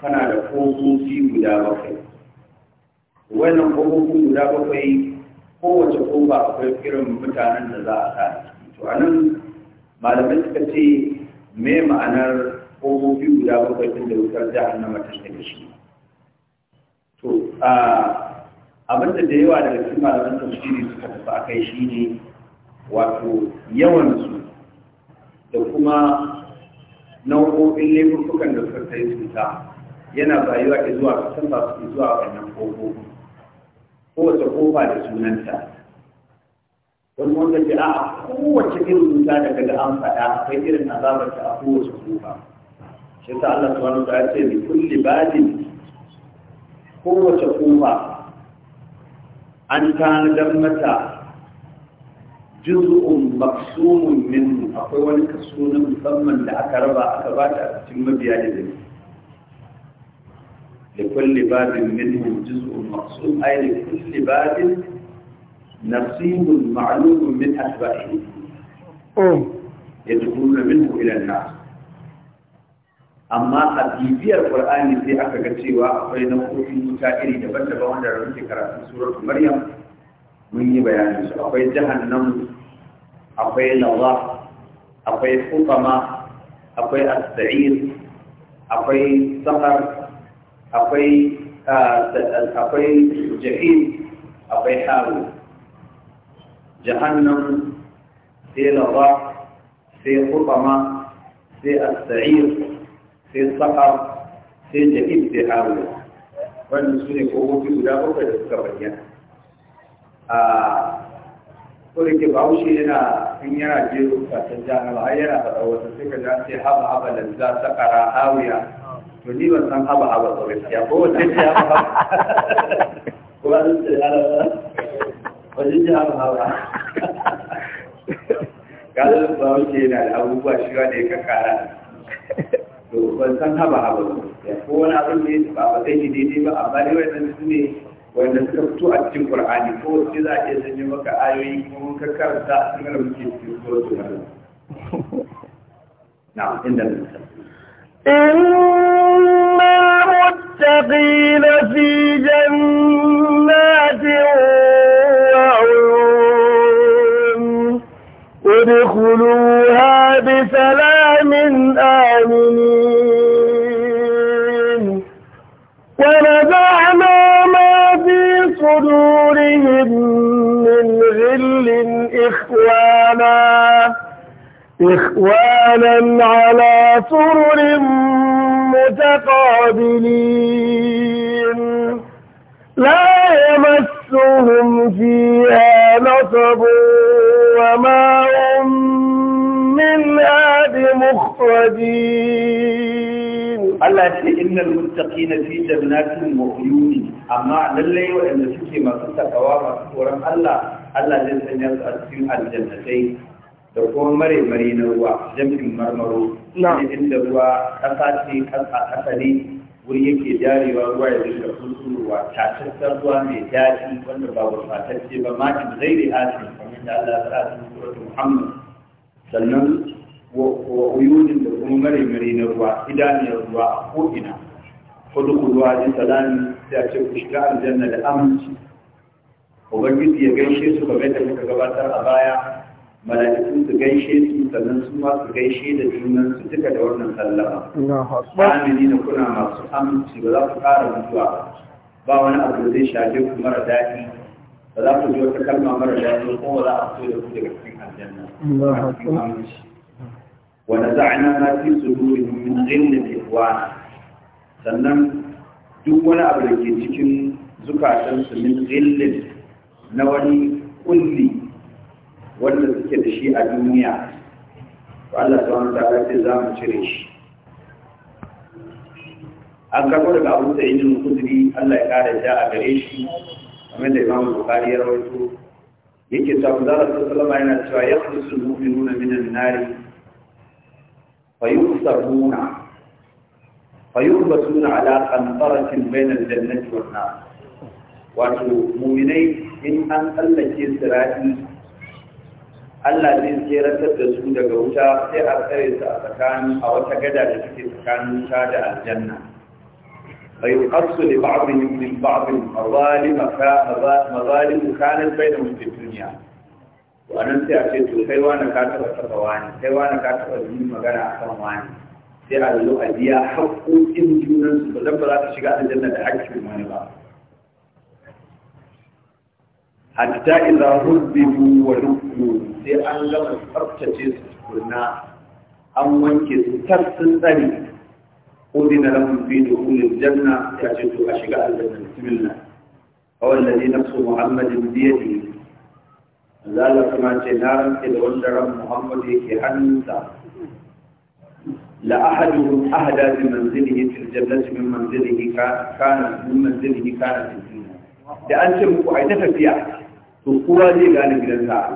kana da kofofi guda bakwai wannan kofofin guda bakwai kowace kofa akwai irin mutanen da za a sa to a nan malamai suka ce me ma'anar kofofi guda bakwai ɗin da wutar jahannama ta shiga shi to a abinda da yawa daga cikin malaman tafsiri suka tafi akai ne, wato yawansu da kuma nau'o'in laifukan da suka kai ta yana bayuwa ke zuwa kasan ba su zuwa wannan kogo kowace kofa da sunanta wani wanda ke a kowace irin wuta daga da an faɗa akwai irin azabar ta a kowace kofa shi ta Allah subhanahu wani ta'ala ce ni kulli badin kowace kofa an tanadar mata juz'un maksumun min akwai wani kaso na musamman da aka raba aka ba ta cikin mabiya da zai لكل باب منهم جزء مقصود أي لكل باب نصيب معلوم من أتباعه يدخلون منه إلى الناس amma a bibiyar qur'ani sai aka ga cewa akwai kofi wuta iri daban-daban wanda da muke karatu surar maryam mun yi bayanin su akwai jahannam akwai lawa akwai kufama akwai as akwai sahar akwai akwai jahim akwai haru jahannam sai laba sai hutama sai as-sa'ir sai saqar sai jahim sai haru wannan su ne kogoki guda bakwai da suka bayyana a kore ke bahaushe yana in yana jero kasan jahannama har yana faɗa wata sai ka ja sai haba haba da za ta ƙara hawiya to ni ban san haba haba ba gaskiya ko wanda ce haba haba ko wanda ce haba wanda ce haba haba galibin ba wuce yana da abubuwa shi da ya kakara to ban san haba haba ba gaskiya ko wani abin ne ba ba sai daidai ba amma dai wannan su ne wanda suka fito a cikin Qur'ani ko sai za a iya sanya maka ayoyi kuma mun kakkarta a cikin rubuce cikin ko Maryam Na inda Inna قيل في جنات وعيون ادخلوها بسلام آمنين ونزعنا ما في صدورهم من غل إخوانا إخوانا على سرر متقابلين innal muttaqina fi jannatin wa uyuni amma lallai waɗanda suke masu takawa masu tsoron Allah Allah zai sanya su a cikin aljannatai da kuma mare-mare na ruwa jamfin marmaro ne inda ruwa ƙasa ce kasa asali wuri yake jarewa ruwa ya rinka kusurwa tataccen ruwa mai daɗi wanda ba gurbatacce ba ma in zaire asin kamar da Allah ya sa cikin Muhammad sannan wa uyunin da kuma mare-mare na ruwa idaniyar ruwa a ko'ina kudu kudu a jin salami da ce ku shiga aljanna da aminci ubangiji ya gaishe su game da muka gabatar a baya mala'ikun su gaishe su sannan su ma su gaishe da junan su da wannan sallama amini na kuna masu aminci ba za ku ƙara mutuwa ba wani abu da zai shafe ku mara daɗi ba za ku wata kalma mara daɗi ko ba za daga cikin aljanna ونزعنا ما في صدورهم من غل إخوانا sannan duk wani abu da ke cikin zukatansu min illin na wani kulli wanda suke da shi a duniya Allah ta wani ta'ala sai za mu cire shi an kafa daga abu da yin kudiri Allah ya ƙara ja a gare shi kamar da Imam Bukhari ya rawaito yake ta manzo Allah sallallahu alaihi wasallam yana cewa ya khrusul mu'minuna minan nari فيكسرون فيكبسون على قنطرة بين الجنة والنار wato muminai in an tsallake sirati Allah zai tseratar da su daga wuta sai a tsare su a tsakanin a wata gada da suke tsakanin wuta da aljanna bai kasu da ba'abin min ba'abin mazalimu kanar bai da mutum duniya to anan sai a ce to kai wani ka taɓa taɓa wani kai wani ka taɓa yin magana a kan wani sai a zo a biya haƙoƙin junansu ba zan ba za ta shiga aljanna da haƙƙin wani ba hatta idza hubbu wa rubbu sai an gama tsaftace su tukunna an wanke su tar sun tsare udina lahum fi dukhulil janna ya ce to a shiga aljanna bismillah aw alladhi nafsu muhammadin bi yadihi Allah kuma ce na ranke da wanda ran Muhammadu yake hannunsa la ahadu ahada bi manzilihi fil jannati min manzilihi kana min manzilihi kana da an ce muku ai ta tafiya to kowa zai gane gidansa a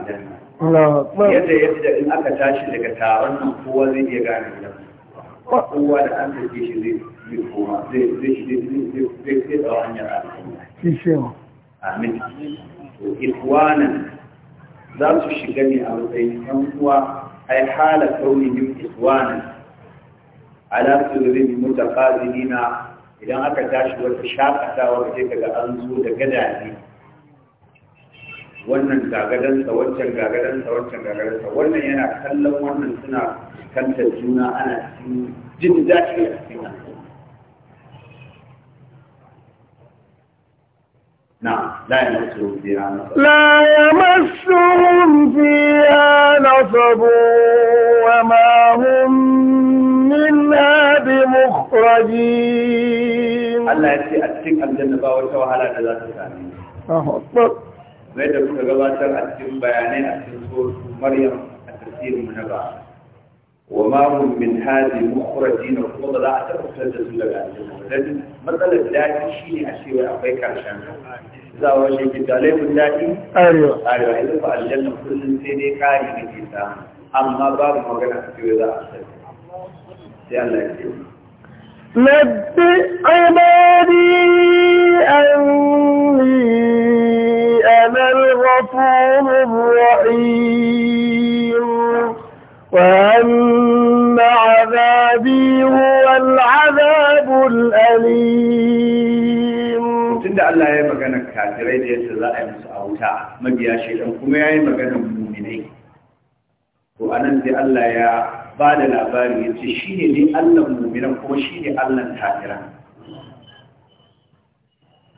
aljanna yadda yadda in aka tashi daga taron nan kowa zai iya gane gidan. sa kowa da an tafi shi zai zai koma zai zai zai zai zai zai zai zai zai zai zai zai zai zai zai zai za su shiga ne a matsayin yan uwa ai hala kaunihim ikhwanan ala sururin mutaqabilina idan aka tashi wata shakatawa kaje daga an zo da gadaje wannan gagadansa wancan gagadansa wancan gagadansa wannan yana kallon wannan suna kanta juna ana cikin jin daɗi a cikin نعم لا يمسهم فيها نصب لا يمسهم فيها نصب وما هم منها بمخرجين الله يأتي أتيك الجنة باوتها على ذات الثاني الله أكبر غير كنت قبل أتيك بيانين أتيك مريم التفسير من وما هم من هذه المخرجين وقضى لا أعتبر ثلاثة سلة لكن مثلا ذاتي شيني أشي وأبيك عشان إذا هو شيء بالتالي والذاتي أيوة أيوة إذا فالجنة كل سيدي كاري من نجيسا أما باب مغنى في إذا أحسن لا يجيب نبئ عبادي أني أنا الغفور الرحيم وأن عذابي هو العذاب الأليم تند الله يا مغانا كافرين يسلا أمس أوتا مبيا شيئا كما يا مغانا مؤمنين وأنا دي الله يا بعد الأباري يتشيني دي الله مؤمنين كما شيني الله كافرين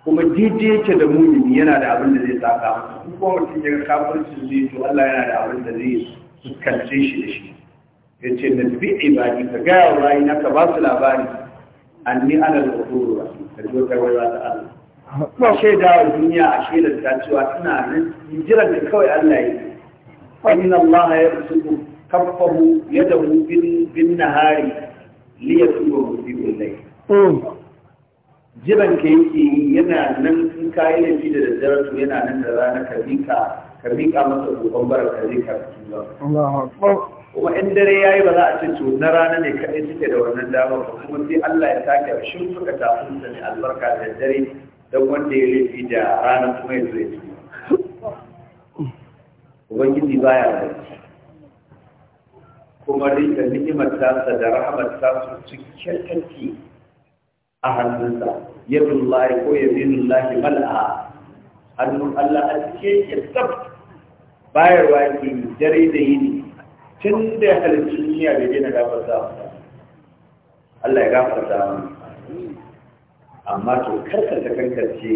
kuma daidai yake da mumini yana da abin da zai saka kuma mutum ya kafirci zai to Allah yana da abin da zai fuskance shi da shi ya ce da bi ibadi ka gaya wa rayu na ka ba su labari an ni ana da kuro ka zo ta waiwa ta Allah ba da wa duniya a shaidar ta cewa ina nan jiran da kawai Allah ya yi fa inna Allah ya rusuku kaffahu yadahu mu bin nahari li yatubu bi kullay hmm. jiran ka yake yi yana nan in ka yi laifi da daddare to yana nan da rana ka mika ka mika masa kokon barar ka zai karatu ba kuma in dare ya yi ba za a ce to na rana ne kaɗai suke da wannan damar kuma sai Allah ya sake a suka tafin sa ne albarka da dare don wanda ya laifi da ranar kuma ya zo ya tuba ubangiji baya da kuma rika ni'imar tasa da rahamar tasa cikin kanki a hannunsa yadullahi ko yadullahi mal'a hannun Allah a cikin ya tsab bayarwa ke dare da yini tun da ya halittu duniya da daina gafarta masa Allah ya gafarta masa amma to karka ta kankarce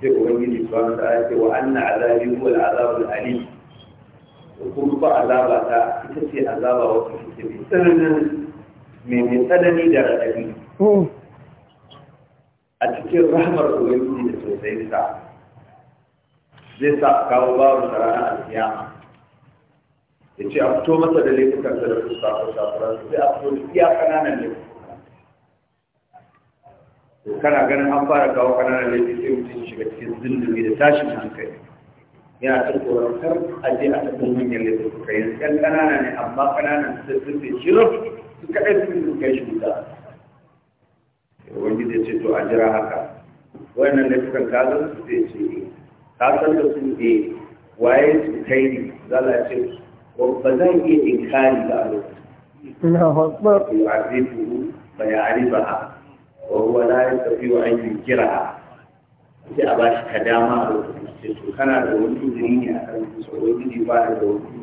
sai ubangiji subhanahu wani ta'ala ce wa anna azabi huwa al-azabul da kuma ba azaba ta ita ce azaba wata ce mai tsananin mai mai tsanani da raɗaɗi a cikin rahmar ubangiji da sosai sa zai sa kawo babu sarana a siyama ya ce a fito masa da laifukan sa da fuska ko shafura sai a fito iya kananan laifukan. to kana ganin an fara kawo kananan laifi sai mutum shiga cikin zindumi da tashin hankali yana ta tsoron kar a je a tafi manyan laifuka yanzu kanana ne amma kananan sai sun sai shirin su kaɗai sun kai shi wuta wani da ce to a jira haka wannan laifukan ka zan su sai ce eh. ka san da su ne eh. waye su kai ne za a ce ba zan iya inkari ba a lokacin ba fa ya'rifaha wa huwa la yastati'u an yunkiraha sai a ba shi ka dama a lokacin sai to kana da wani izini ne a kan su wani ba da wani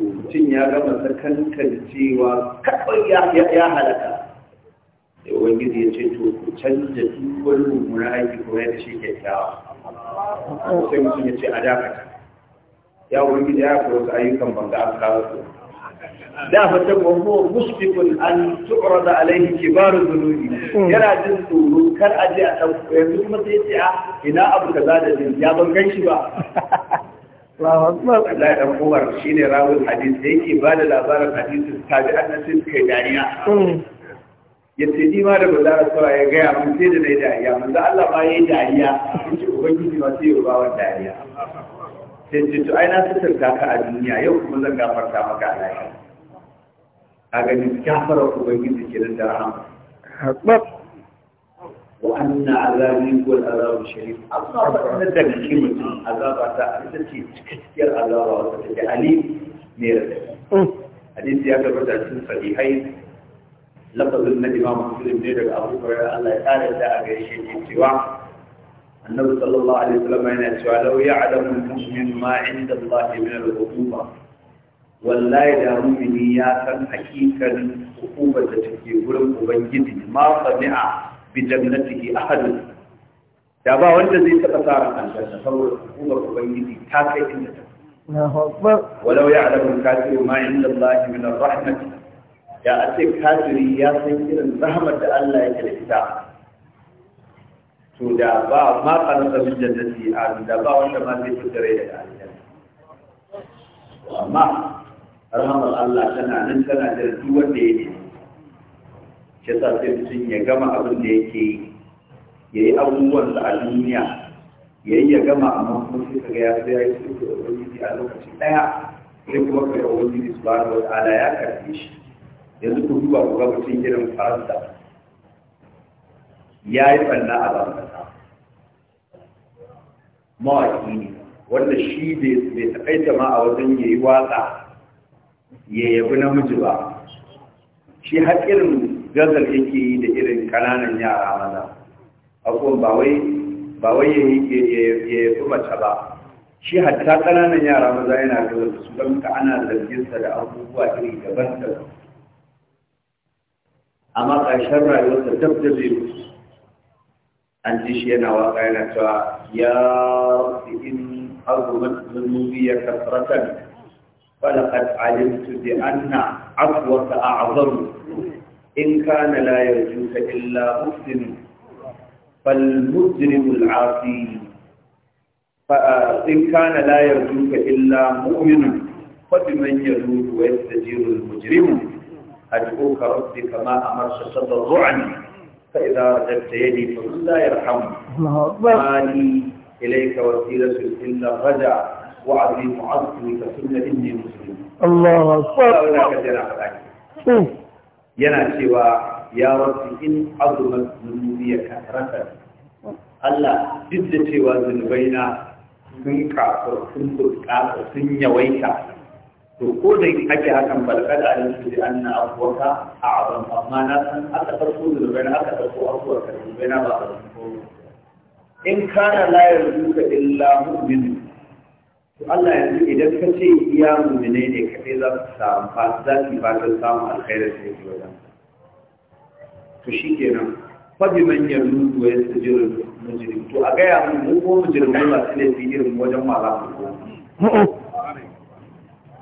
mutum ya gama sakankan cewa kawai ya halaka da ubangiji ya ce to ku canza duk wani mummuna aiki kuma ya ce kyakkyawa sai mutum ya ce a dakata ya ubangiji ya fi wasu ayyukan banga da kawo su da fa ta gwamma musfikun an tu'rada alaihi kibarun zunubi yana jin tsoro kar a je a ɗauko yanzu kuma sai ce a ah, ina abu kaza da jin ya ban gan shi ba Allah ɗan Umar shi ne rawun hadis da yake ba da labarin hadisin tabi annasin kai dariya. Mm. Ya ce ni ma da bazara sura ya gaya mun sai da na yi dariya, manzo Allah ma ya yi dariya, Mun ce Ubangiji ma sai ya ba dariya. sai ai na da ka a duniya yau kuma zan gafarta maka a lahira a gani gafara ubangiji nan da rahama akbar wa anna azabi wal azabu sharif Allah ba ta da kike mutum azaba ta ita ce cikakkiyar azaba wata take ali ne da mm. hadisi ya gabata cikin sahihai lafazin na imam muslim ne daga abu hurairah Allah ya kare da a gaishe cewa النبي صلى الله عليه وسلم أن يعني يسأله يعلم المؤمن ما عند الله من الغضوبة والله يرمي نياتا حقيقا عقوبة تجي ولم أبجد ما صنع بجنته أحد يا با وانت زي تقصار عن جنة فور عقوبة أبجد تاكي ولو يعلم الكافر ما عند الله من الرحمة يا أتي كافري يا سيدنا رحمة الله يجلس تاكي to da ba ma kana sabin jannati a da ba wanda ma zai fitar da aljanna amma rahmar Allah tana nan tana da duk wanda yake ke sa sai mutum ya gama abin da yake ya yi abubuwan da a duniya ya yi ya gama amma kuma sai ka ga ya fi ya yi suke da ubangiji a lokacin ɗaya sai kuma ka ga ubangiji su ba da wata ala ya karfe shi yanzu ku duba ku ga mutum irin faransa ya yi ɓanna a bankasa mawaki ne wanda shi bai taƙaita ma a wajen ya yi waƙa ya yabi namiji ba shi haƙƙin irin gazal yake yi da irin ƙananan yara maza akwai ba wai ya yabi mace ba shi hatta ƙananan yara maza yana wasu su don ka ana zarginsa da abubuwa iri daban-daban amma ƙarshen rayuwarsa dab da zai أنتشينا وقائنا توا يا رب إن أظمت ذنوبي كثرة فلقد علمت بأن عفوك أعظم إن كان لا يرجوك إلا أحسن فالمجرم العاصي فإن كان لا يرجوك إلا مؤمن فبمن يلوذ ويستجير المجرم أدعوك ربك ما أمرت تضرعني فإذا رددت يدي فمن لا ilaika مالي إليك وسيلة إلا الرجع وعظيم عظمي فسن إني مسلم الله أكبر yana cewa ya rasu in azumar zunubi ya kasarata Allah duk da cewa zunubai na sun kasar sun buƙatar sun yawaita to ko da ake hakan balkada a yanzu da an na abuwaka a abin amma na san aka farko zurbai na aka farko abuwar ka zurbai na ba a farko in kana layar duka illa mu'min to Allah yanzu idan ka ce iya mu'mine ne kaɗai za su samu ba za su ba ta samu alkhairar da yake wajen to shi kenan fabi manyan rudu ya su jirin mujirin to a gaya mun mu ko mujirin masu laifin irin wajen ma za mu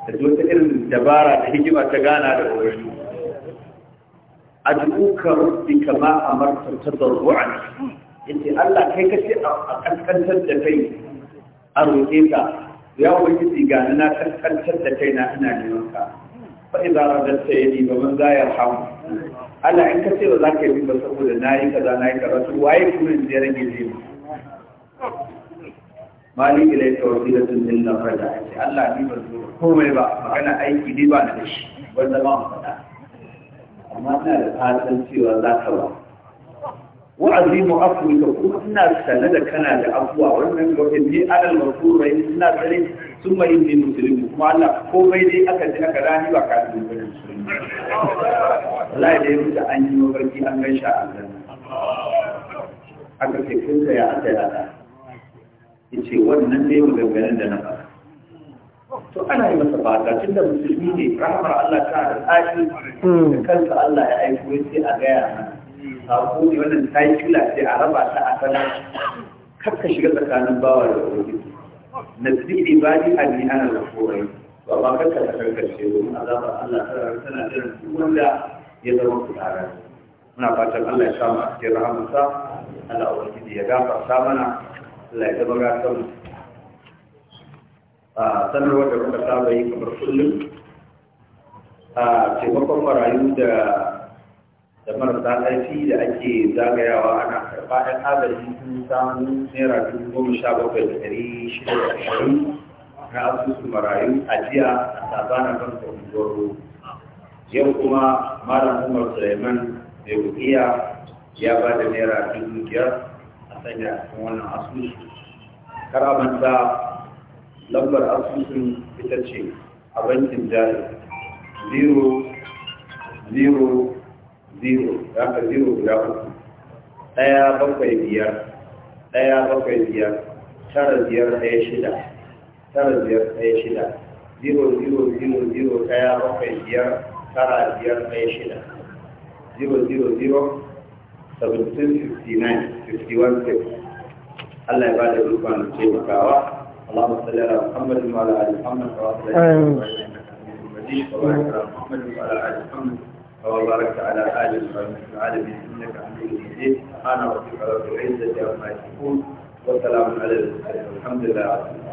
da wata irin dabara da hikima ta gana da wani adduka rabbi kama a amarta tadarru'an yace Allah kai kace a kankantar da kai a roƙe ka ya wuce ga na kankantar da kai na ina neman ka fa idza radatta yadi ba man za ya hamu Allah in kace ba za ka yi ba saboda na nayi kaza nayi kaza to waye kuma in je rage zai mali ila ta wasila tun din na fada ce Allah ni ba zo komai ba magana aiki ni ba na da shi wanda ba mu fada amma ina da fatan cewa za ka ba wa azimu afwika kuma ina sanar da kana da afuwa wannan gauke ni alal mafur bai ina sare sun mai ni musulmi kuma Allah komai dai aka ji aka rani ba ka ji wallahi dai mutu an yi mafarki an gaisha a aka ce kun ya aka yada ce wannan ne maganganun da na faɗa to ana yi masa fata tun da musulmi ne rahmar Allah ta da tsari hmm. da kansa Allah ya aiko sai a gaya sako ne wannan ta yi kila sai a raba ta a sana kakka shiga tsakanin bawa da ubangiji nasiri ibadi ali ana da korai to amma kakka ta karkace domin azabar Allah tana jiran duk wanda ya zama kudara muna fatan Allah ya samu a cikin rahamarsa Allah ubangiji ya gafarta mana Allah ya zama gasar a da kuka saba yi kamar kullum a taimakon marayu da da marasa ƙarfi da ake zagayawa ana karɓa ɗan agaji sun samu naira dubu goma sha bakwai da ɗari shida da ashirin na asusun marayu a jiya a sabana kan kwamfuwar yau kuma malam umar suleiman mai wuƙiya ya ba da naira dubu biyar a sanya cikin wannan asusu karamanta lambar asusun ita ce a bankin jari 0 0 da 0 guda ɗaya bakwai biyar ɗaya bakwai biyar tara biyar ɗaya shida tara biyar ɗaya shida 0 0 ɗaya bakwai biyar tara biyar ɗaya shida 0 1759 Allah ya ba da rufa na taimakawa اللهم صل على محمد وعلى ال محمد وعلى محمد وعلى ال محمد وبارك على ال محمد العالمين انك حميد مجيد سبحان ربك رب العزه عما يصفون وسلام على المرسلين والحمد لله رب العالمين